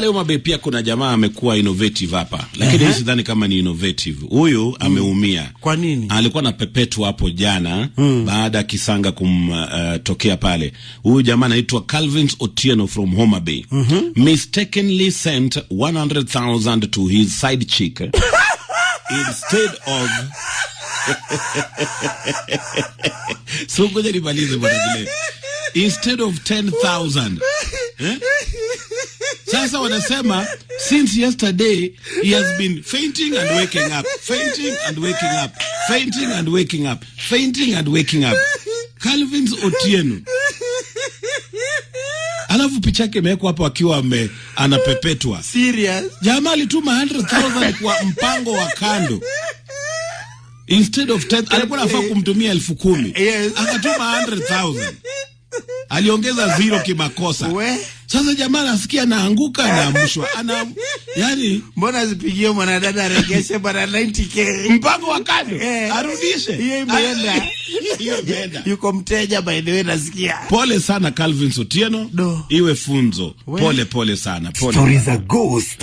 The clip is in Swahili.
Leo mabe pia kuna jamaa amekuwa innovative hapa, lakini uh -huh. Sidhani kama ni innovative huyu mm. Ameumia kwa nini? Alikuwa na pepetu hapo jana mm. Baada ya kisanga kumtokea uh, pale. Huyu jamaa anaitwa Calvin Otieno from Homa Bay mm -hmm. mistakenly sent 100,000 to his side chick instead of so ngoja nimalize bwana, instead of 10,000 eh? Sasa wanasema since yesterday he has been fainting and waking up, fainting and waking up, fainting and waking up, fainting and waking up. Calvin's Otieno. Alafu picha yake imewekwa hapo akiwa ame anapepetwa. Serious. Jamaa alituma 100,000 kwa mpango wa kando. Instead of 10, alikuwa anafaa eh. kumtumia elfu kumi. Yes. Akatuma 100,000 aliongeza zero kimakosa. We? Sasa jamaa nasikia anaanguka, anaamshwa ana yani, mbona zipigie mwanadada aregeshe bana 90k mpango wa kando eh. arudishe hiyo imeenda hiyo imeenda. Yuko mteja by the way, nasikia. Pole sana Calvin Sotieno, iwe funzo. We? Pole pole sana, pole. Stories are ghost